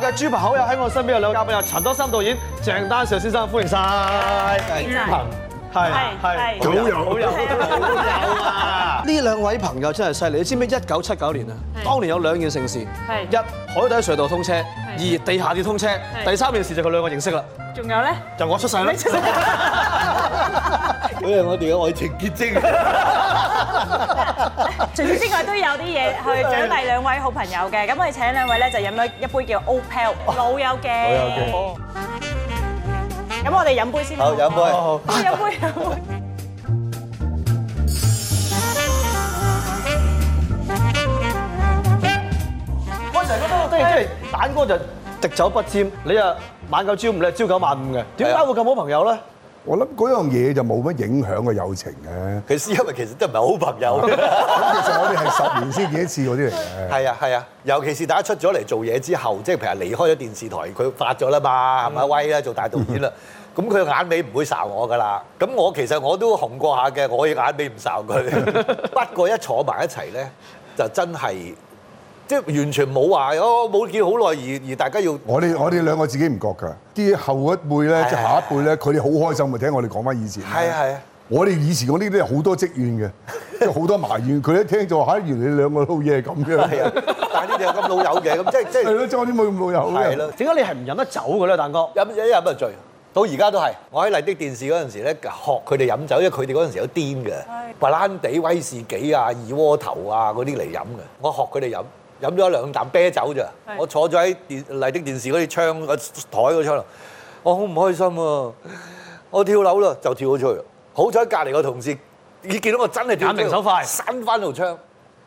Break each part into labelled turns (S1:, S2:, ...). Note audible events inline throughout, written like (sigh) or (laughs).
S1: 嘅豬朋好友喺我身邊有兩位嘉賓啊，陳德森導演、鄭丹瑞先生歡迎曬。朱柏，係係好友好友，好有，啊好有啊！呢 (laughs) 兩位朋友真係犀利，你知唔知一九七九年啊？當年有兩件盛事，一海底隧道通車，二地下鐵通車。第三件事就佢兩個認識啦。仲有咧？就我出世啦！ (laughs)
S2: 佢係我哋嘅愛情結晶。
S1: 除此之外，都
S2: 有啲嘢去獎勵兩位好朋友嘅。咁我哋請兩位咧就飲咗一杯叫 Opel 老友嘅。老友嘅。咁我哋飲杯先啦。好，飲杯。飲杯，飲
S1: 杯。我成日都都即係，旦哥就滴酒不沾，你啊晚九朝五咧，朝九晚五嘅，點解會咁好朋友咧？
S3: 我諗嗰樣嘢就冇乜影響個友情嘅。其
S2: 實因為其實都唔係好
S3: 朋友嘅。咁其實我哋係十年先見一次嗰啲嚟嘅。
S2: 係啊係啊，尤其是大家出咗嚟做嘢之後，即係平日離開咗電視台，佢發咗啦嘛，係咪威啦，做大導演啦。咁 (laughs) 佢眼尾唔會睄我噶啦。咁我其實我都紅過一下嘅，我嘅眼尾唔睄佢。 (laughs) (laughs) 不過一坐埋一齊咧，就真係。即係完全冇話，我冇見好耐，而而大家要
S3: 我哋我哋兩個自己唔覺㗎，啲後一輩咧，即係下一輩咧，佢哋好開心咪聽我哋講翻以前。係啊係啊！我哋以前講啲都係好多積怨嘅，即 (laughs) 好多埋怨。佢一聽就話嚇，原來你兩個老嘢係咁嘅。係 (laughs) 啊！但係呢啲有咁老友嘅，咁即係即係係咯，仲有啲冇咁老友嘅。係咯。點
S2: 解你係唔飲得酒㗎咧，旦哥？飲一飲就醉，到而家都係。我喺麗的電視嗰陣時咧，學佢哋飲酒，因為佢哋嗰陣時候有癲嘅，白蘭地、威士忌窩頭啊、二鍋頭啊嗰啲嚟飲嘅。我學佢哋飲。飲咗一兩啖啤酒咋。我坐咗喺電麗的電視嗰啲窗台嗰窗度，我好唔開心啊！我跳樓啦，就跳咗出去。好彩隔離個同事，你見到我真係眼明手快，閂返度窗。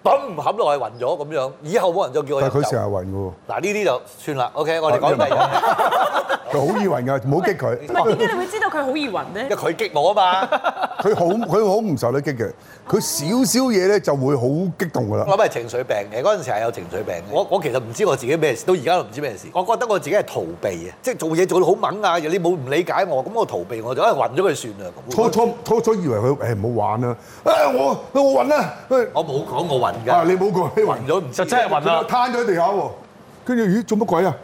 S2: 揼唔冚落去暈咗咁樣，以後冇人再叫佢。但佢成日暈嘅喎。嗱呢啲就算啦，OK，我哋講埋。佢 (laughs) 好 (laughs) 易暈㗎，
S3: 唔好激佢。點解你會知道佢好易暈
S2: 咧？因為佢激我啊嘛。
S3: 佢好佢好唔受得激嘅，佢少少嘢咧就會好激動㗎啦。我係
S2: 情緒病嘅，嗰陣時係有情緒病嘅。我我其實唔知我自己咩事，到而家都唔知咩事。我覺得我自己係逃避啊，即係做嘢做到好猛啊，你冇唔理解我，咁我逃避我就啊暈咗佢算啦。初
S3: 初初初以為佢誒唔好玩啦，啊、哎、我我暈啦，我冇講我暈。啊！你冇講你暈咗，唔實真係暈啦，攤咗喺地下喎。跟住咦，做乜鬼啊？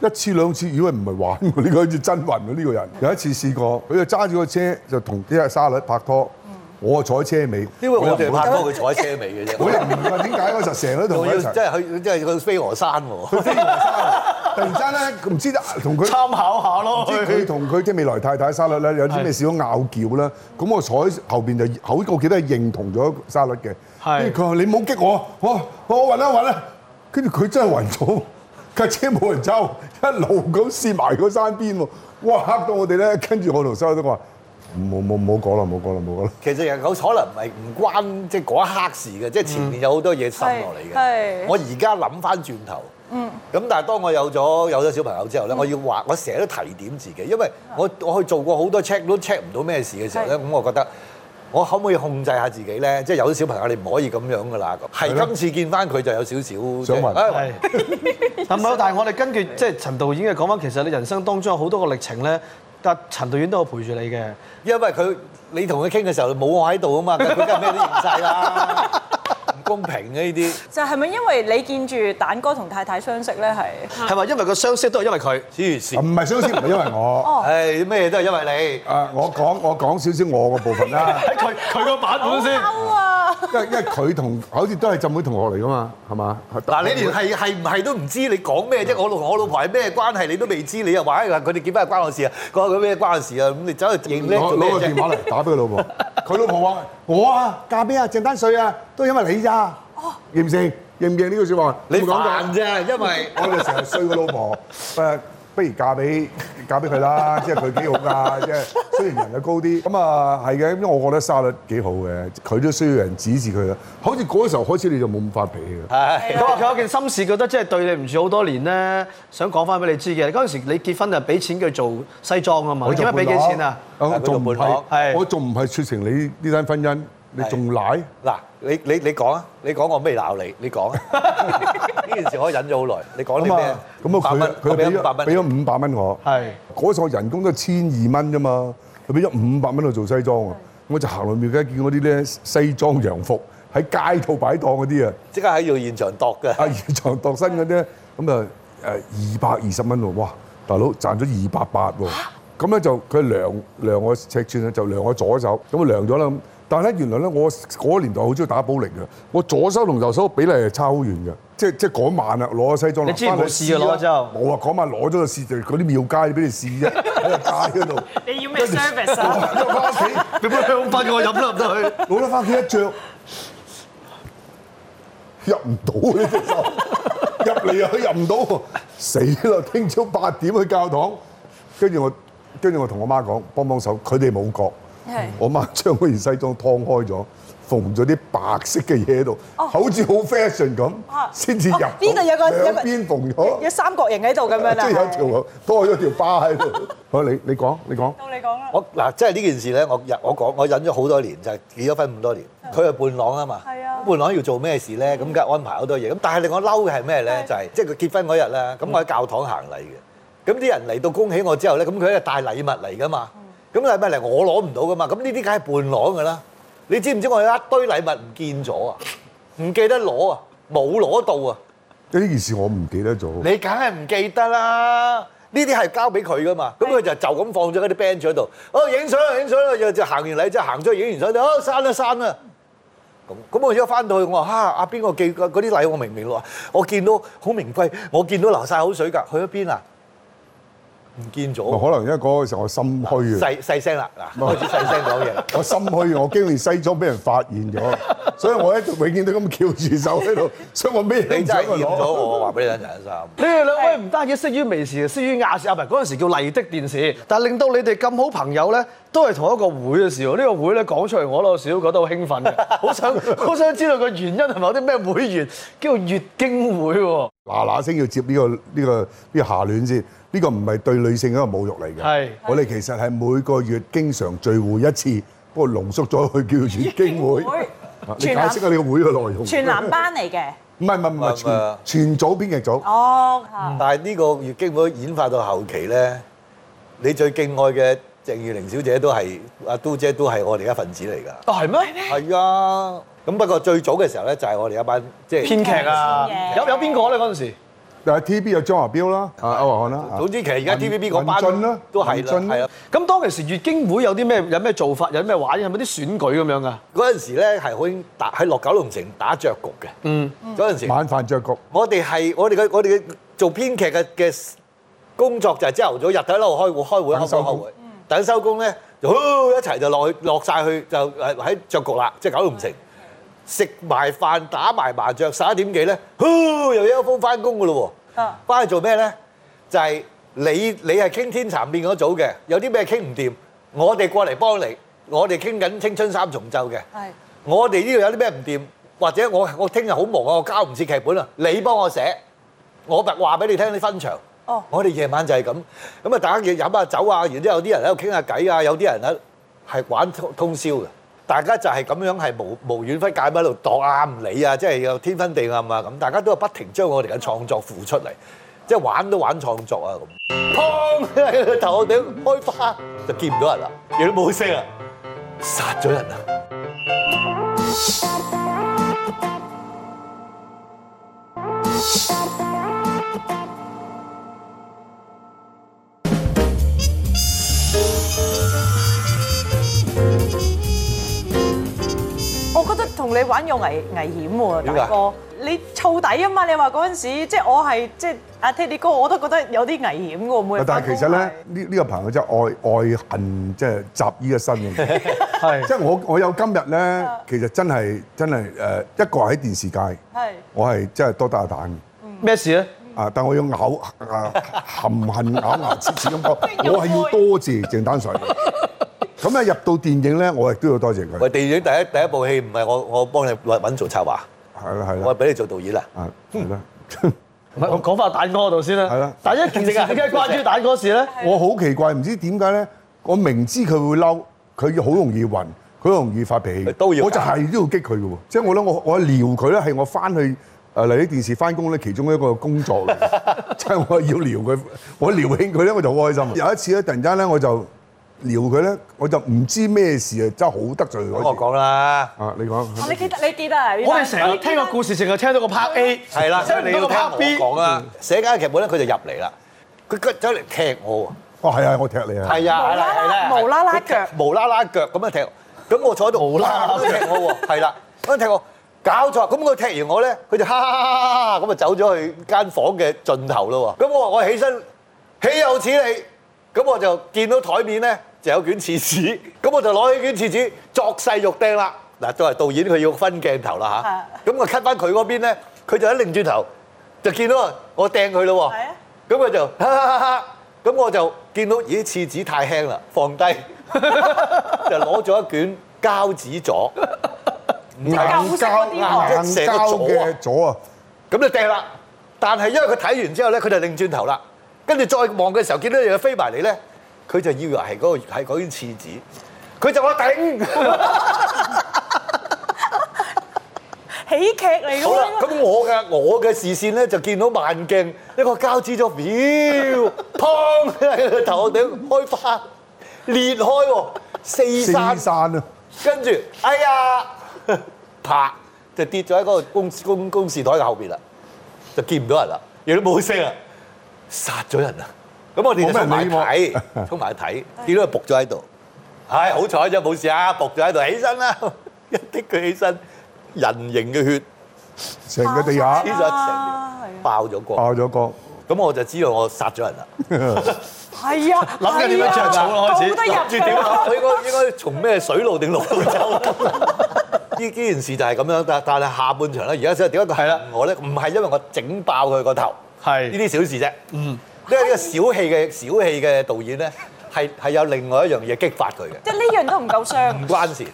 S3: 一次兩次，以為唔係玩喎，呢個好似真暈喎。呢、呢個人有一次試過，佢就揸住個車就同呢個沙律拍拖，我坐喺車尾，因為我哋拍
S2: 拖，佢坐喺車尾嘅啫。我唔明點解，
S3: 為 (laughs) 我就成日都同佢一齊。即係
S2: 去，即係去飛鵝山喎。
S3: 去 (laughs) 飛鵝山，突然間咧，唔知同佢參考下咯。唔知佢同佢即係未來太太沙律咧，有啲咩試咗拗撬啦。咁我坐喺後邊就好，我記得認同咗沙律嘅，跟住佢話：你唔好激我，我我暈啦暈啦！跟住佢真係暈咗，架車冇人走，一路咁跌埋個山邊喎！哇，嚇到我哋咧！我跟住我同西都講話：冇冇冇講啦，冇講啦，冇講啦！
S2: 其實人有可能唔係唔關即係嗰一刻事嘅，即、嗯、係前面有好多嘢滲落
S1: 嚟嘅。我而
S2: 家諗翻轉頭，咁但係當我有咗有咗小朋友之後咧、嗯，我要話我成日都提點自己，因為我我去做過好多 check 都 check 唔到咩事嘅時候咧，咁我覺得。我可唔可以控制下自己咧？即係有啲小朋友你唔可以咁樣㗎啦。係今次見翻佢就有少少想問下。係、哎， (laughs) (laughs) 但係我哋根據即係陳導演嘅講
S1: 法，其實你人生當中有好多個歷程咧，但係陳導演都有陪住你嘅，因為佢
S2: 你同佢傾嘅時候冇我喺度啊嘛，佢梗係咩都唔知啦。 (laughs) 公平嘅呢啲，就係咪因為你見住蛋哥同太太相識咧？係
S3: 係咪因為個相識都係因為佢？諸如此類，唔係相識唔係因為我，係咩都係因為你。啊！我講我講少少我嘅部分啦。
S2: 喺佢佢個版本先。嬲啊！因
S3: 為因為佢同好似都係浸會同學嚟噶嘛，係嘛？嗱，你連係
S2: 係唔係都唔知，你講咩啫？我老我老婆係咩關係你都未知，你又話佢哋結婚係關我事啊？講咩關我事啊？咁你走去影咧？攞攞個電話嚟打
S3: 俾佢老婆。佢老婆話：我啊嫁俾啊，鄭丹瑞啊，都係因為你咋、啊，認唔認，認？認唔認呢個説話？你講嘅啫，因為我就成日衰個老婆、 (laughs) uh 不如嫁俾嫁俾佢啦，即係佢幾好噶，即係雖然人又高啲，咁啊係嘅，因為我覺得沙律幾好嘅，佢都需要人指示佢啦。好似嗰時候開始你就冇咁發脾
S1: 氣啦。係，佢話佢有件心事，覺得即係對你唔住好多年咧，想講翻俾你知嘅。嗰陣時你結婚就俾錢佢做西裝啊嘛，而家俾幾錢啊？我仲唔係，
S3: 我仲唔係促成你呢單婚姻？你仲賴？
S2: 嗱，你你你講啊！你講我咩鬧你？你講啊！呢 (laughs) 件事我可以忍咗好耐。你講啲咩？咁啊，百蚊，佢俾咗
S3: 五百蚊我。係嗰時我人工都千二蚊啫嘛，佢俾咗五百蚊我元元做西裝啊！那我就行路邊咧，見嗰啲咧西裝洋服喺街度擺檔嗰啲啊！即
S2: 刻喺度現場度嘅。啊，
S3: 現場度身嘅啫。咁啊，誒二百二十蚊喎，哇！大佬賺咗二百八喎。咁、啊、咧就佢量量我尺寸咧，就量我左手，咁啊量咗啦。但係咧，原來咧，我嗰年代好中意打保齡嘅。我左手同右手比例係差好遠嘅，即即嗰晚啦，攞個西裝嚟翻屋企，你之前冇試嘅，攞、咗之後，冇啊！嗰晚攞咗嚟試對嗰啲廟街俾你試啫，喺街嗰度。
S1: 你要咩 service？翻屋企，你
S3: 唔好發覺我飲入得去。攞得翻屋企一著，入唔到呢隻手，入嚟佢入唔到，死啦！聽朝八點去教堂，跟住我，我我跟住我同我媽講，幫幫手，佢哋冇覺。我媽將嗰件西裝燙開咗，縫咗啲白色嘅嘢喺度，好似好 fashion 咁，先至入。邊度有個？兩邊縫咗。
S1: 有三角形喺度咁樣啊！即係有條
S3: 多咗條花喺度。好你你講，你講。
S2: 到你講啦。我嗱，即係呢件事咧，我忍，我講，我忍咗好多年，就係結咗婚咁多年，佢係伴郎啊嘛。係啊。伴郎要做咩事咧？咁梗係安排好多嘢。咁但係令我嬲嘅係咩咧？就係即係佢結婚嗰日咧，咁我喺教堂行禮嘅。咁啲人嚟到恭喜我之後咧，咁佢係帶禮物嚟㗎嘛。咁禮物嚟，我攞唔到噶嘛？咁呢啲梗係伴郎噶啦！你知唔知我有一堆禮物唔見咗啊？唔記得攞啊，冇攞到啊！
S3: 即呢件事我唔記得咗。
S2: 你梗係唔記得啦！呢啲係交俾佢噶嘛？咁佢就就咁放咗喺啲 band 度。哦，影相啊，影相啦！又就行完禮之後行咗去影完相，你哦刪啦刪啦！咁咁我而家翻到去，我話嚇，阿邊個寄嗰嗰啲禮，我明明話我見到好名貴，我見到流曬口水㗎，去咗邊啊？唔見
S3: 咗，可能因為嗰個時候我心虛啊，細細聲
S2: 啦，嗱，開始細聲講
S3: 嘢。 (laughs) 我心虛，我驚連西裝俾人發現咗， (laughs) 所以我咧永遠都咁翹住手喺度，所以我咩都睇唔到。你真係發現咗，我話俾你聽，陳生，你哋兩位唔單止識於微時，識 (laughs) 於亞
S1: 視啊，唔係嗰陣時叫麗的電視。但係令到你哋咁好朋友咧，都係同一個會嘅時候，呢 (laughs) 個會咧講出嚟，我老實講都覺得好興奮
S3: 好想好 (laughs) 想知道個原因係咪有啲咩會員叫月經會喎？嗱嗱聲要接呢個呢個呢個呢個下聯先。呢個唔係對女性一個侮辱嚟嘅。係，我哋其實係每個月經常聚會一次，不過濃縮咗佢叫月經會。會，你解釋下你個會嘅內容。全男班嚟嘅。唔係唔係唔係，全組編劇組。
S2: 哦。但係呢個月經會演化到後期咧，你最敬愛嘅鄭裕玲小姐都係阿都姐都係我哋一份子嚟㗎。哦，係咩？係咩？係啊。咁不過最早嘅時候咧，就係我哋一班即係編劇啊，有有邊個咧嗰陣時？
S3: 但係 T.V.B. 有張華標啦，阿歐華漢啦，總之、啊、
S2: 其實而家 T.V.B. 嗰班都係啦，
S1: 咁當其時月經會有啲咩有咩做法，有咩玩，
S2: 有冇啲選舉咁樣啊？嗰陣時咧係可以打喺落九龍城打雀局嘅，嗯，嗰陣時晚飯雀局，我哋係我哋嘅我哋嘅做編劇嘅嘅工作就係朝頭早日頭一路開會,開會等收工咧、嗯、就一齊就落去落晒去就喺雀局啦，即係九龍城。嗯食埋飯打埋麻雀十一點幾咧，呼又收風翻工㗎咯喎，翻去做咩咧？就係你你係傾天蠶變嗰組嘅，有啲咩傾唔掂，我哋過嚟幫你，我哋傾緊青春三重奏嘅，我哋呢度有啲咩唔掂，或者我我聽日好忙啊，我交唔切劇本啊，你幫我寫，我話俾你聽啲分場，我哋夜晚就係咁，咁啊大家要飲下酒啊，然之後有啲人喺度傾下偈啊，有啲人咧係玩通通宵嘅。大家就係咁樣係無無遠弗屆咁喺度度啊唔理啊，即係又天昏地暗啊咁，大家都係不停將我哋嘅創作付出嚟，即係玩都玩創作啊咁。砰！喺頭頂開花，就見唔到人啦，亦都冇聲啊，殺咗人啦！
S1: 同你玩用危危險喎、啊，大哥，你躁底啊嘛？你話嗰陣時候，即係我係即係阿 Teddy 哥，我都覺得有啲危險嘅。
S3: 但係其實咧，呢呢個朋友真係愛愛恨即係集於一身嘅，即係我我有今日咧， (laughs) 其實真係真係誒一個喺電視界，我係真係多得阿旦。咩事咧？啊！但我要咬啊含恨咬牙切齒咁講，咬咬咬此此 (laughs) 我係要多謝鄭丹瑞。咁啊，入到電影咧，我亦都要多謝佢。
S2: 喂，電影第一第一部戲唔係我我幫你揾做策劃，係啦係啦，我俾你做導演啦。係
S3: 啦，
S1: 唔係我講翻旦哥度先啦。係啦，但係一直係係掛
S3: 旦哥事咧，我好奇怪，唔知點解咧？我明知佢會嬲，佢好容易暈，佢好容易發脾氣，都我就係都要激佢嘅喎。即 (laughs) 係我咧，我諗我我撩佢咧，係我翻去誒麗的電視翻工咧，其中一個工作嚟。即 (laughs) 係我要撩佢，我撩興佢咧，我就開心。有一次咧，突然間咧，我就。撩佢咧，我就唔知咩事啊！真係好得罪。我
S2: 講啦，啊，你講。你
S1: 記得，你記得。我係成日聽個故
S2: 事，成日聽到個拍 A。係啦，成日聽個拍 B。寫緊劇本咧，佢就入嚟啦。佢佢走嚟踢我
S3: 啊！哦，係啊，我踢你啊！係啊，係啦，係啦。無啦啦腳，
S2: 無啦啦腳咁樣踢。咁我坐喺度。好啦踢我喎，係啦。咁踢我搞錯。咁佢踢完我咧，佢就哈哈哈哈咁啊走咗去間房嘅盡頭囉喎。咁我我起身，豈有此理？咁我就見到枱面咧。就有卷廁紙，咁我就攞起一卷廁紙作勢欲掟啦。嗱，作為導演，佢要分鏡頭啦吓，咁我 cut 翻佢嗰邊咧，佢就一擰轉頭就見到我掟佢咯喎。咁佢就哈哈哈哈，咁我就見到咦，廁紙太輕啦，放低 (laughs) (laughs) 就攞咗一卷膠紙左硬膠硬啊。咁就掟啦。但係因為佢睇完之後咧，佢就擰轉頭啦，跟住再望嘅時候見到嘢飛埋嚟咧。佢就以為係嗰個係嗰啲廁紙，佢就話頂， (laughs) 喜劇嚟㗎嘛！好啦，咁我嘅我嘅視線咧就見到慢鏡一個膠紙咗，飄，砰！喺頭頂開花裂開喎，
S3: 四散啊！
S2: 跟住哎呀，啪就跌咗喺嗰個公公公示台嘅後邊啦，就見唔到人啦，亦都冇聲啊，殺咗人啊！咁我哋就埋睇，衝埋去睇，結果係仆咗喺度。係好彩啫，冇事啊！仆咗喺度，起身啦，一啲佢起身，人形嘅血，
S3: 成個地下，其
S2: 實成爆咗個，爆咗個。咁我就知道我殺咗人啦。
S3: 係
S1: 啊，
S2: 諗緊點樣著草開始，諗住點啊？佢應該應該從咩水路定陸路走？呢呢件事就係咁樣，但但係下半場咧，而家先點解我咧唔係因為我整爆佢個頭，係呢啲小事啫。嗯。都係呢個小氣嘅小氣嘅導演咧，係係有另外一樣嘢激發佢嘅。
S1: 即係呢樣都唔夠傷。唔
S2: 關事，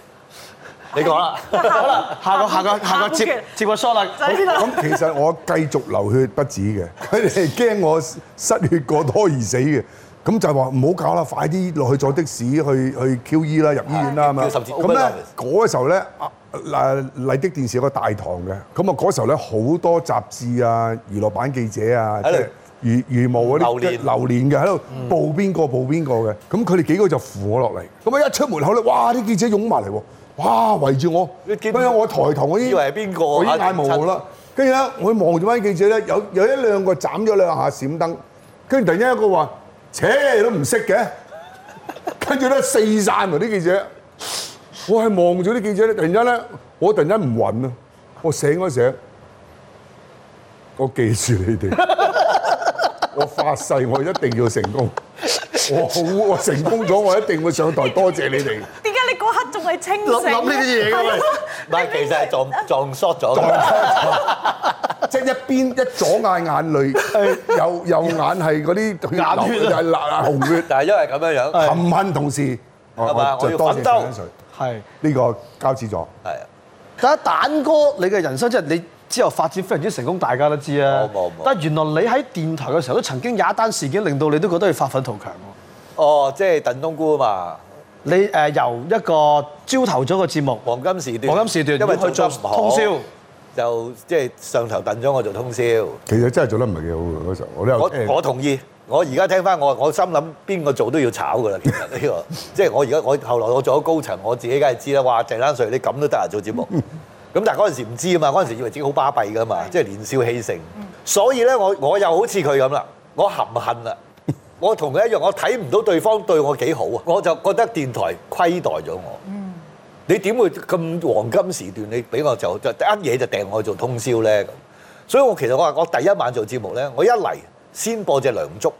S2: 你講啦。得啦，
S1: 下個下個下個接
S2: 接個 shot 啦。
S1: 咁其
S3: 實我繼續流血不止嘅，佢哋驚我失血過多而死嘅。咁就係話唔好搞啦，快啲落去坐的士去去 QE 啦，入醫院啦係嘛。咁咧嗰時候咧，嗱麗的電視有個大堂嘅，咁啊嗰時候咧好多雜誌啊、娛樂版記者啊。即係如如無嗰啲流連嘅喺度報邊個，報邊個嘅，咁佢哋幾個就扶我落嚟。咁啊一出門口咧，哇啲記者擁埋嚟喎，哇圍住我。乜嘢？我抬頭我以為係邊個？嚇！我太無聊啦。跟住咧，我望住翻啲記者咧，有有一兩個斬咗兩下閃燈。跟住突然間一個話：扯，你都唔識嘅。跟住咧四散埋啲記者。我係望住啲記者咧，突然間咧，我突然間唔穩啦。我醒嗰時，我記住你哋。我發誓，我一定要成功。我好，我成功咗，我一定會上台多謝你哋。
S1: 點解你嗰刻仲係
S2: 清醒？諗諗呢啲嘢㗎啦。唔係，其實係撞撞縮咗嘅。即
S3: 係一邊一左眼眼淚，右右眼係嗰啲對流血，係紅
S2: 血。但係因為咁樣樣，幸
S3: 運同事係嘛？我要多謝。係呢個交趾佐。
S1: 係。得旦哥，你嘅人生即係你，之後發展非常之成功，大家都知啊。但係原來你喺電台嘅時候都曾經有一單事件，令到你都覺得要發奮圖強
S2: 喎。哦，即係燉冬菇啊嘛！你誒、呃、由一個朝
S3: 頭早嘅節目
S2: 黃金，黃金時段，因為佢做，做通宵，就即係、就是、上頭燉咗我做通宵。
S3: 其實真係做得唔係幾好嘅時候，我我，我
S2: 同意，我而家聽翻我，我心諗邊個做都要炒㗎啦。 (laughs) 其實呢、這個即係、就是、我而家我後來我做咗高層，我自己梗係知啦。哇，鄭丹瑞你咁都得啊，做節目。 (laughs) 咁但係嗰陣時唔知啊嘛，嗰陣時以為自己好巴閉㗎嘛，即係年少氣盛。嗯、所以咧，我我又好似佢咁啦，我含恨啦， (laughs) 我同佢一樣，我睇唔到對方對我幾好啊，我就覺得電台虧待咗我。嗯、你點會咁黃金時段你俾我就一就一嘢就掟我去做通宵咧咁？所以我其實我話我第一晚做節目咧，我一嚟先播隻梁祝，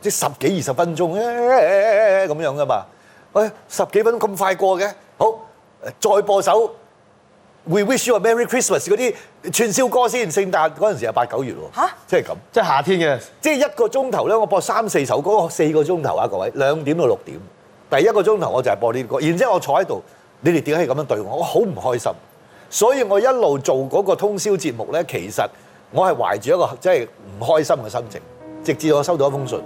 S2: 即十幾二十分鐘咁、哎哎哎哎、樣㗎嘛。喂、哎，十幾分鐘咁快過嘅，好再播首。We wish you a Merry Christmas 嗰啲串燒歌先，聖誕嗰陣時係八九月喎、就係，即係咁，即係夏天嘅，即、就、係、是、一個鐘頭咧，我播三四首，歌，嗰個、四個鐘頭啊，各位兩點到六點，第一個鐘頭我就係播呢啲歌，然之後我坐喺度，你哋點解可以咁樣對我，我好唔開心，所以我一路做嗰個通宵節目咧，其實我係懷住一個即係唔開心嘅心情，直至我收到一封信。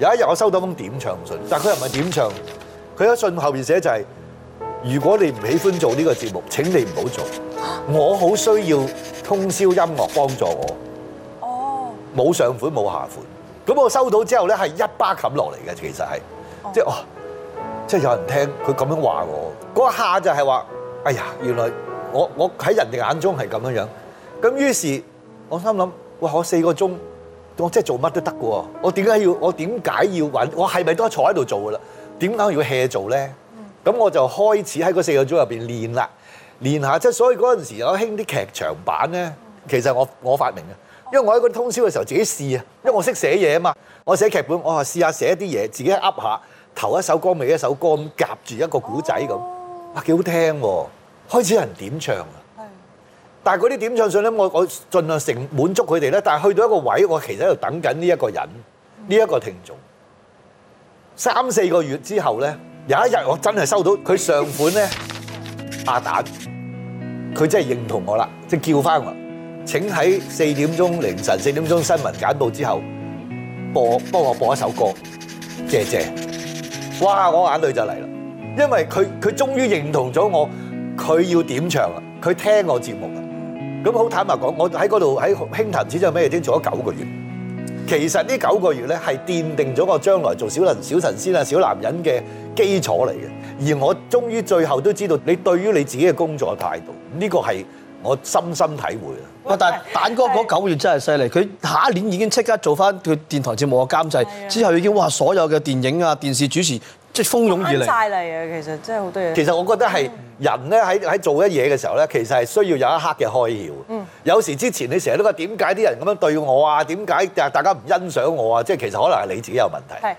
S2: 有一日我收到一封點唱信，但係佢又唔係點唱，佢喺信後邊寫就係、是。如果你唔喜歡做呢個節目，請你唔好做。我好需要通宵音樂幫助我。哦。冇上款冇下款，咁我收到之後咧係一巴冚落嚟嘅，其實係，即係哇，即係有人聽佢咁樣話我，嗰下就係話，哎呀，原來我我喺人哋眼中係咁樣樣，咁於是我心諗，喂，我四個鐘，我即係做乜都得嘅喎，我點解要找我，點解要搵我係咪都係坐喺度做嘅啦？點解要 hea 做咧？咁我就開始喺個四個鐘入邊練啦，練下即係所以嗰陣時有興啲劇場版咧，其實我我發明嘅。因為我喺嗰通宵嘅時候自己試啊，因為我識寫嘢啊嘛，我寫劇本，我話試下寫啲嘢，自己噏下頭一首歌尾一首歌咁夾住一個古仔咁，哇幾好聽喎！開始有人點唱啊，但係嗰啲點唱上咧，我我盡量成滿足佢哋咧，但係去到一個位，我其實喺度等緊呢一個人，呢一個聽眾。三四個月之後咧。有一日我真係收到佢，上款咧阿旦，佢真係認同我啦，即係叫翻我請喺四點鐘凌晨四點鐘新聞簡報之後播，幫我播一首歌，謝謝。哇！我眼淚就嚟啦，因為佢佢終於認同咗我，佢要點唱啦，佢聽我節目啦。咁好坦白講，我喺嗰度喺興騰紙張咩嘢都做咗九個月。其實呢九個月咧係奠定咗個將來做小人小神仙啊小男人嘅基礎嚟嘅，而我終於最後都知道你對於你自己嘅工作態度，呢、這個係我深深體會
S1: 啊！但係旦哥嗰九個月真係犀利，佢下一年已經即刻做返佢電台節目嘅監製，
S2: 之後已經哇所有嘅電影啊電視主持。即係蜂擁
S3: 而嚟，塞嚟啊！
S2: 其實真係好多嘢。其實我覺得係人咧喺喺做一嘢嘅時候咧，其實係需要有一刻嘅開竅。嗯。有時之前你成日都話點解啲人咁樣對我啊？點解大大家唔欣賞我啊？即係其實可能係你自己有問題。係。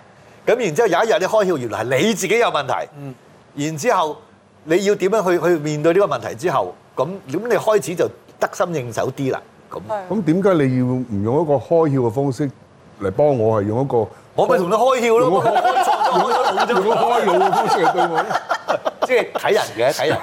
S2: 咁然之後有一日你開竅，原來係你自己有問題。嗯。然之後你要點樣去去面對呢個問題之後，咁咁你開始就得心應手
S3: 啲啦。咁咁點解你要唔用一個開竅嘅方式嚟幫我？係用一個。我咪同你開竅咯，
S2: 開老夫先嚟對我，即係睇人嘅，
S1: 睇人。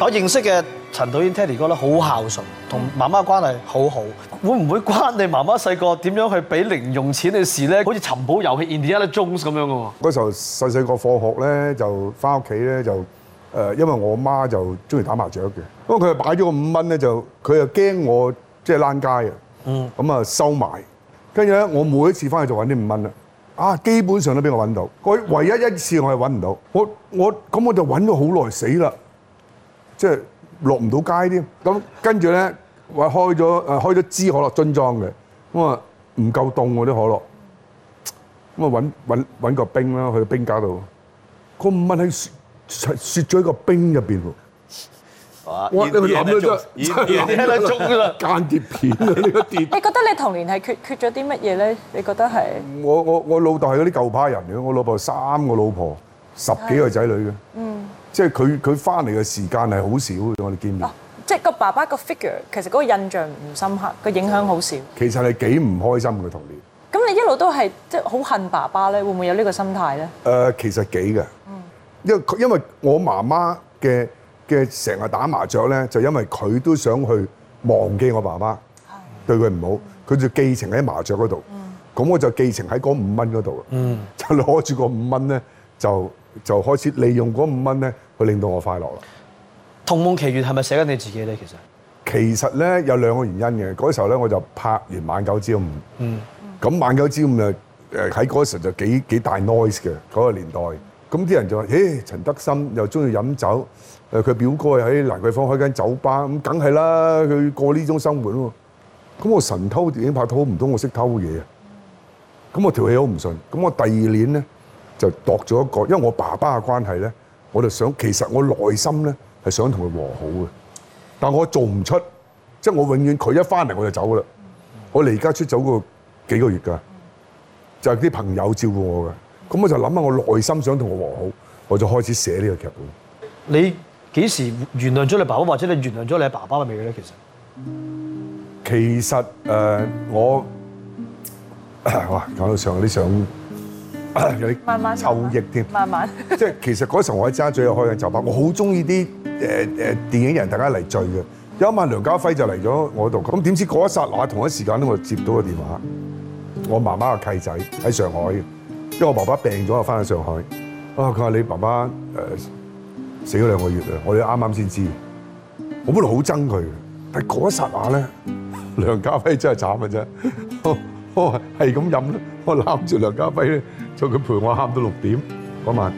S1: 我認識嘅陳導演 Teddy 哥咧，好孝順，同媽媽關係好好。會唔會關你媽媽細個點樣去俾零用錢嘅事咧？好似尋寶遊戲 Indiana Jones 咁樣嘅喎。
S3: 嗰時候細細個放學咧，就翻屋企咧，就誒，因為我媽就中意打麻雀嘅。因為佢係擺咗個五蚊咧，就佢又驚我即係爛街啊，咁啊收埋。跟住咧，我每一次翻去就搵啲五蚊啦。啊，基本上都俾我搵到。佢唯一一次我係搵唔到。我我咁我就搵咗好耐死啦，即係落唔到街添。咁跟住咧，開咗開咗支可樂樽裝嘅。咁啊，唔夠凍喎啲可樂。咁啊搵搵揾個冰啦，去冰架度。個五蚊喺雪咗喺個冰入面。我你諗咗真真嘅呢粒鍾啦，間諜片啊呢個
S2: 碟。你覺得你童年係缺缺咗啲乜嘢咧？你覺得
S3: 係？我我我老豆係嗰啲舊派人嚟嘅，我老豆三個老婆，十幾個仔女嘅。嗯。即係佢佢翻嚟嘅時間係好少，我哋見面。即係個爸爸個 figure
S2: 其實嗰個印象唔深刻，個影響好少。
S3: 其實係幾唔開心嘅童年。
S2: 咁你一路都係即係好恨爸爸咧，會唔會有呢個心態咧？
S3: 誒，其實幾嘅。
S2: 嗯。
S3: 因為因為我媽媽嘅。嘅成日打麻雀咧，就是、因為佢都想去忘記我爸爸，對佢唔好，佢就寄情喺麻雀嗰度。咁、嗯、我就寄情喺嗰五蚊嗰度啦。就攞住個五蚊咧，就就開始利用嗰五蚊咧，去令到我快樂啦。
S1: 《童夢奇緣》係咪寫緊你自己咧？其實
S3: 其實咧有兩個原因嘅。嗰時候咧我就拍完《晚九朝五》，咁、嗯《晚九朝五》就誒喺嗰時就幾幾大 noise 嘅嗰、那個年代。咁啲人就話：咦、欸，陳德森又中意飲酒，佢表哥喺蘭桂坊開間酒吧，咁梗係啦，佢過呢種生活喎、啊。咁我神偷電影拍拖唔通，我識偷嘢啊。咁我條氣好唔順，咁我第二年咧就度咗一個，因為我爸爸嘅關係咧，我就想其實我內心咧係想同佢和好嘅，但我做唔出，即、就、係、是、我永遠佢一返嚟我就走啦。我離家出走過幾個月㗎，就係、是、啲朋友照顧我㗎。咁我就諗下，我內心想同我和好，我就開始寫呢個劇本。
S1: 你幾時原諒咗你爸爸，或者你原諒咗你爸爸未咧？其實，
S3: 其實誒，我哇，搞到上，上、嗯，有啲想有啲舊憶添，慢慢，慢，慢，慢，慢即係其實嗰陣我喺揸住又開緊酒吧，我好中意啲誒誒電影人大家一嚟聚嘅。有一晚，梁家輝就嚟咗我度，咁點知嗰一剎，我同一時間咧，我接到個電話，我媽媽嘅契仔喺上海。因為我爸爸病咗啊，翻去上海啊，佢話你爸爸誒、呃、死咗兩個月啊，我哋啱啱先知道。我本來好憎佢嘅，但係一剎下咧，梁家輝真係慘嘅啫，係咁飲咯，我攬住梁家輝咧，就佢陪我喊到六點嗰晚。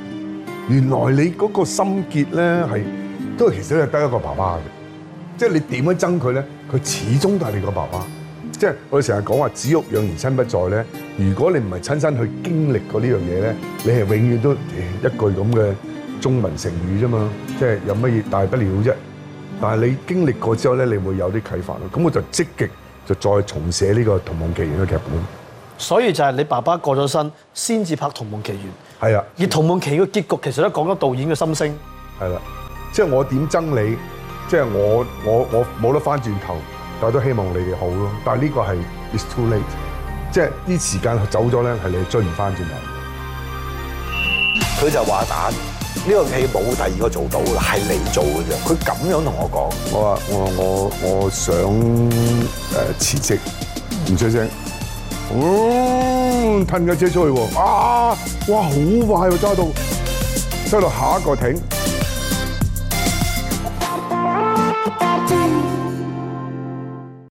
S3: 原來你嗰個心結咧係，都係其實係得一個爸爸嘅，即係你點樣憎佢咧，佢始終都係你個爸爸。即係我哋成日講話子欲養而親不在咧。如果你唔係親身去經歷過呢樣嘢咧，你係永遠都一句咁嘅中文成語啫嘛，即係有乜嘢大不了啫。但係你經歷過之後咧，你會有啲啟發咯。咁我就積極就再重寫呢個《童夢奇緣》嘅劇本。
S1: 所以就係你爸爸過咗身先至拍《童夢奇緣》。係啊，而《童夢奇緣》嘅結局其實都講咗導演
S3: 嘅心聲。係啦，即係我點憎你，即係我我我冇得翻轉頭，但係都希望你哋好咯。但係呢個係 it's too late。即係啲時間走咗咧，係你追唔翻轉頭。佢就話：旦，呢個戲冇第二個做到啦，係你做嘅啫。佢咁樣同我講。我話我我我想誒辭職，唔出聲。嗯、哦，褪架車出去喎，啊，哇，好快喎，揸到，揸到下一個艇。